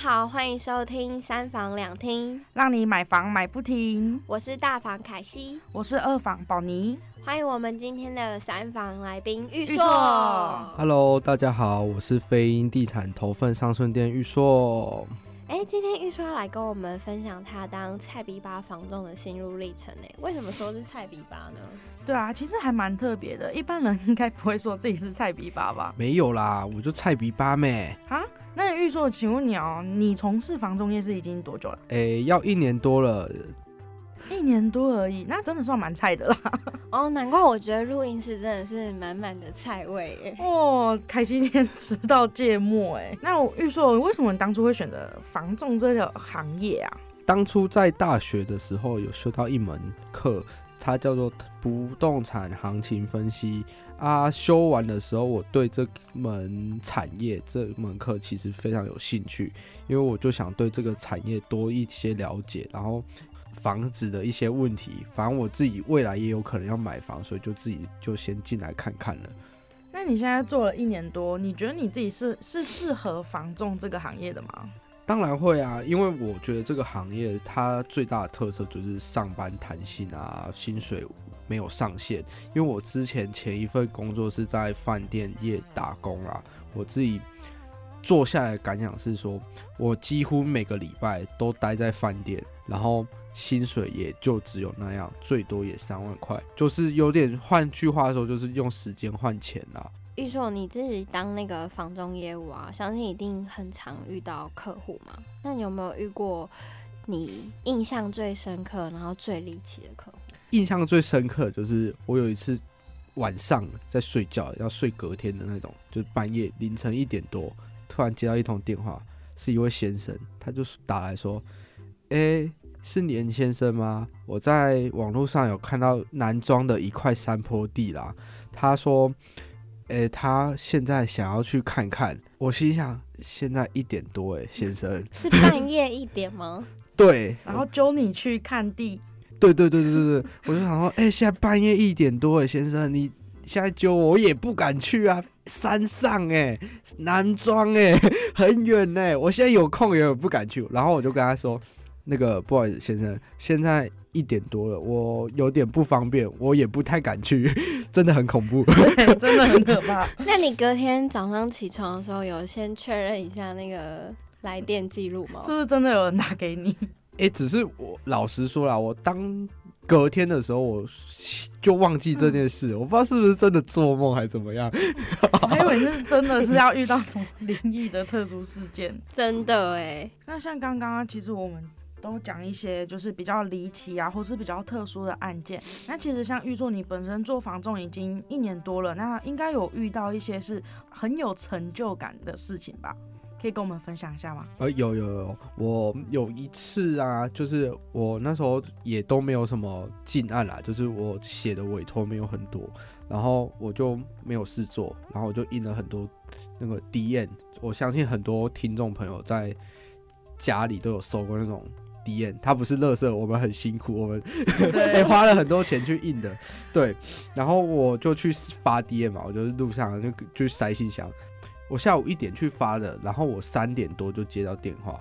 好，歡迎收聽三房兩廳，讓你買房買不停。我是大房凱西，我是二房寶妮，歡迎我們今天的三房來賓育碩。Hello，大家好，我是飛鷹地產頭份尚順店育碩。哎、欸，今天育碩要來跟我們分享他當菜逼八房仲的心路歷程。呢？為什麼說是菜逼八呢？對啊，其實還蠻特別的，一般人應該不會說自己是菜逼八吧？沒有啦，我就菜逼八咩。哈、啊？那育碩，請問你哦、喔，你從事房仲業，是已經多久了？誒、欸，要一年多了。一年多而已，那真的算蠻菜的啦。哦，難怪我覺得錄音室真的是滿滿的菜味。哦，開心今天吃到芥末誒！那我育碩，你為什麼當初會選擇房仲這個行業啊？當初在大學的時候，有修到一門課，它叫做不動產行情分析。啊，修完的時候，我對這門產業這門課其實非常有興趣，因為我就想對這個產業多一些了解，然後房子的一些問題，反正我自己未來也有可能要買房，所以就自己就先進來看看了。那你現在做了一年多，你覺得你自己是是適合房仲這個行業的嗎？當然會啊，因為我覺得這個行業它最大的特色就是上班彈性啊，薪水。沒有上限，因為我之前前一份工作是在飯店業打工啦、啊。我自己做下來的感想是說，我幾乎每個禮拜都待在飯店，然後薪水也就只有那樣，最多也三萬塊。就是有點，換句話說，就是用時間換錢啦、啊。育碩，你自己當那個房仲業務啊，相信一定很常遇到客戶嘛？那你有沒有遇過你印象最深刻，然後最離奇的客戶？印象最深刻就是我有一次晚上在睡覺，要睡隔天的那種，就是半夜凌晨一點多，突然接到一通電話，是一位先生，他就打來說：“哎、欸，是粘先生嗎？我在網絡上有看到南莊的一塊山坡地啦。”他說：“哎、欸，他現在想要去看看。”我心想：“現在一點多，哎，先生是半夜一點嗎？” 對，然後揪你去看地。對對對對對，我就想說，哎、欸，現在半夜一點多了，先生，你現在叫我也不敢去啊，山上哎、欸，南莊，哎，很遠哎、欸，我現在有空也有不敢去。然後我就跟他說，那個不好意思，先生，現在一點多了，我有點不方便，我也不太敢去，真的很恐怖，對真的很可怕。 那你隔天早上起床的時候有先確認一下那個來電記錄嗎？是，是不是真的有人打給你？哎、欸，只是我。老實說啦，我當隔天的時候，我就忘記這件事，嗯，我不知道是不是真的做夢還是怎麼樣。因為是真的是要遇到什麼靈異的特殊事件？ 真的哎、欸。那像剛剛，其實我們都講一些就是比較離奇啊，或是比較特殊的案件。那其實像育碩，你本身做房仲已經一年多了，那應該有遇到一些是很有成就感的事情吧？可以跟我們分享一下嗎？呃，有有有，我有一次啊，就是我那時候也都沒有什麼進案啦，就是我寫的委託沒有很多，然後我就沒有事做，然後我就印了很多那個 DM。我相信很多聽眾朋友在家裡都有收過那種 DM，它不是垃圾，我們很辛苦，我們、 欸、花了很多錢去印的，對，然後我就去發 DM 嘛，我就是路上就就塞信箱。我下午一點去發的，然後我三點多就接到電話，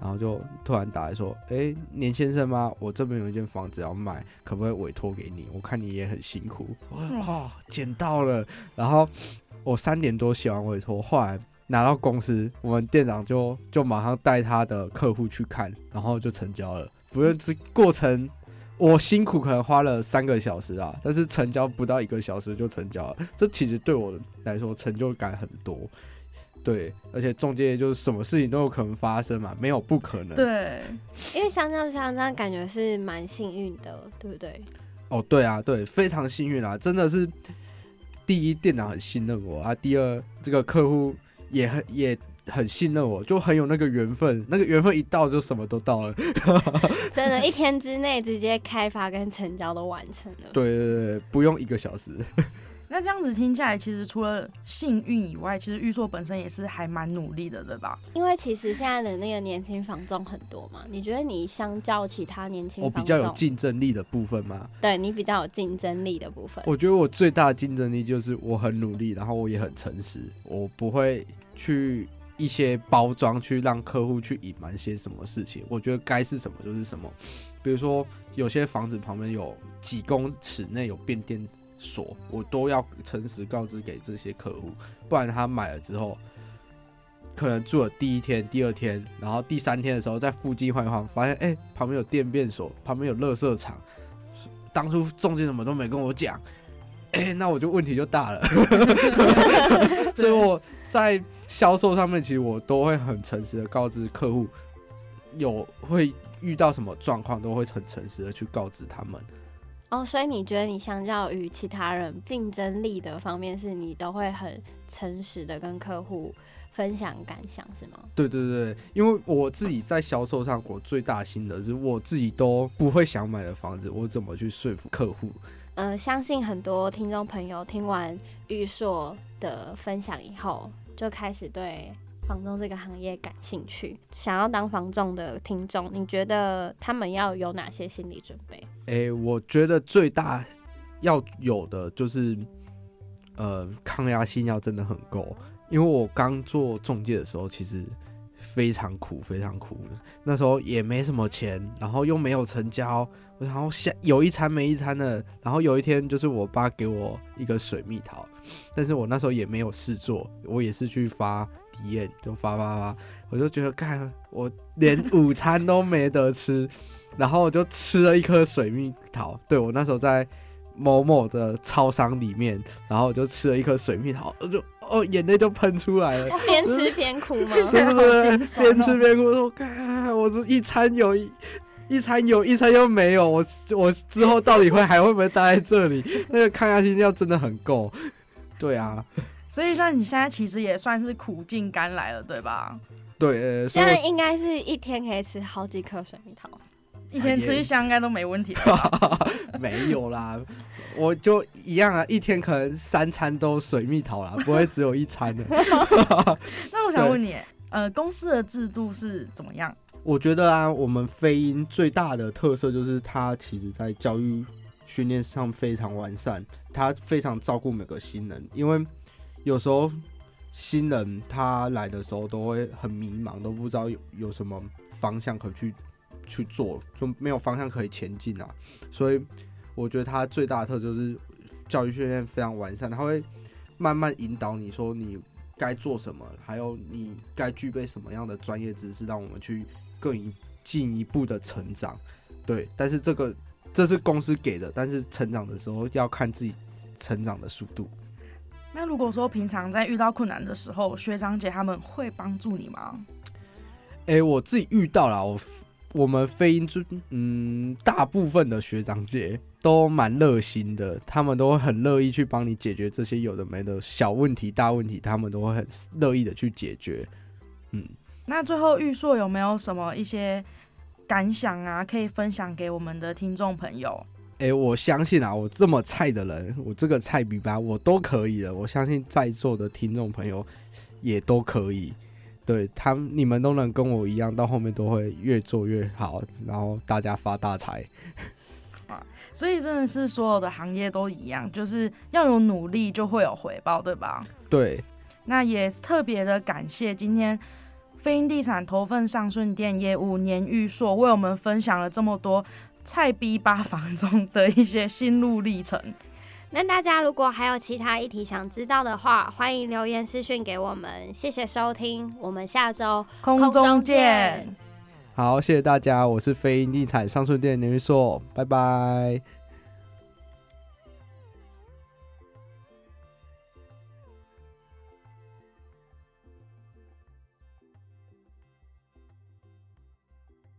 然後就突然打來說：“欸，粘先生嗎？我這邊有一間房子要賣，可不可以委託給你？我看你也很辛苦。”我說：“哇，撿到了！”然後我三點多寫完委託，後來拿到公司，我們店長就就馬上帶他的客戶去看，然後就成交了。不用，這過程。我辛苦可能花了三個小時啊，但是成交不到一個小時就成交了，這其實對我來說成就感很多，對，而且中間就是什麼事情都有可能發生嘛，沒有不可能。對， 因為像這樣像這樣感覺是蠻幸運的，對不對？哦，對啊，對，非常幸運啊，真的是，第一，店長很信任我啊，第二，這個客戶也很也。很信任我，就很有那個緣分。那個緣分一到，就什麼都到了。 真的，一天之內直接開發跟成交都完成了。對對對，不用一個小時。 那這樣子聽起來，其實除了幸運以外，其實育碩本身也是還蠻努力的，對吧？因為其實現在的那個年輕房仲很多嘛，你覺得你相較其他年輕房仲，我比較有競爭力的部分嗎？對你比較有競爭力的部分。我覺得我最大的競爭力就是我很努力，然後我也很誠實，我不會去，一些包裝去讓客戶去隱瞞些什麼事情，我覺得該是什麼就是什麼。比如說，有些房子旁邊有幾公尺內有變電所，我都要誠實告知給這些客戶，不然他買了之後，可能住了第一天、第二天，然後第三天的時候在附近晃一晃，發現哎、欸，旁邊有電變所，旁邊有垃圾場，當初中介什麼都沒跟我講、欸，那我就問題就大了 所以我。在銷售上面，其實我都會很誠實的告知客戶，有會遇到什麼狀況，都會很誠實的去告知他們。哦，所以你覺得你相較於其他人，競爭力的方面是你都會很誠實的跟客戶分享感想，是嗎？對對對，因為我自己在銷售上，我最大心得是我自己都不會想買的房子，我怎麼去說服客戶？呃，相信很多聽眾朋友聽完育碩的分享以後，就開始對房仲這個行業感興趣，想要當房仲的聽眾，你覺得他們要有哪些心理準備？誒、欸，我覺得最大要有的就是，呃，抗壓性要真的很夠，因為我剛做中介的時候，其實非常苦，非常苦，那時候也沒什麼錢，然後又沒有成交。然後下有一餐沒一餐的，然後有一天就是我爸給我一個水蜜桃，但是我那時候也沒有事做，我也是去發體驗，就發發發，我就覺得看我連午餐都沒得吃， 然後我就吃了一顆水蜜桃，對，我那時候在某某的超商裡面，然後我就吃了一顆水蜜桃，我就哦，眼淚就噴出來了，邊吃邊哭嘛對不對？邊吃邊哭，我說看我這一餐有一，一餐有，一餐又沒有。我我之後到底會 還會不會待在這裡？那個抗壓性真的很夠。對啊，所以那你現在其實也算是苦盡甘來了，對吧？對。現、欸、在應該是一天可以吃好幾顆水蜜桃，一天吃一箱應該都沒問題吧。啊 yeah、 沒有啦，我就一樣啊，一天可能三餐都水蜜桃啦，不會只有一餐的。 那我想問你，呃，公司的制度是怎麼樣？我覺得啊，我們飛鷹最大的特色就是它其實，在教育訓練上非常完善，它非常照顧每個新人。因為有時候新人他來的時候都會很迷茫，都不知道有有什麼方向可去去做，就沒有方向可以前進啊。所以我覺得它最大的特色就是教育訓練非常完善，它會慢慢引導你說你該做什麼，還有你該具備什麼樣的專業知識，讓我們去。更進一步的成長，對，但是這個這是公司給的，但是成長的時候要看自己成長的速度。那如果說平常在遇到困難的時候，學長姐他們會幫助你嗎？哎、欸，我自己遇到了，我我們飛鷹就嗯，大部分的學長姐都蠻熱心的，他們都會很樂意去幫你解決這些有的沒的小問題、大問題，他們都會很樂意的去解決，嗯。那最後，育碩有沒有什麼一些感想啊？可以分享給我們的聽眾朋友？哎、欸，我相信啊，我這麼菜的人，我這個菜逼八，我都可以的。我相信在座的聽眾朋友也都可以，對他們你們都能跟我一樣，到後面都會越做越好，然後大家發大財。啊，所以真的是所有的行業都一樣，就是要有努力就會有回報，對吧？對。那也特別的感謝今天。飛鷹地產頭份尚順店業務粘育碩為我們分享了這麼多菜逼八房仲的一些心路歷程。那大家如果還有其他議題想知道的話，歡迎留言私訊給我們。謝謝收聽，我們下周空、空中見。好，謝謝大家，我是飛鷹地產尚順店粘育碩，拜拜。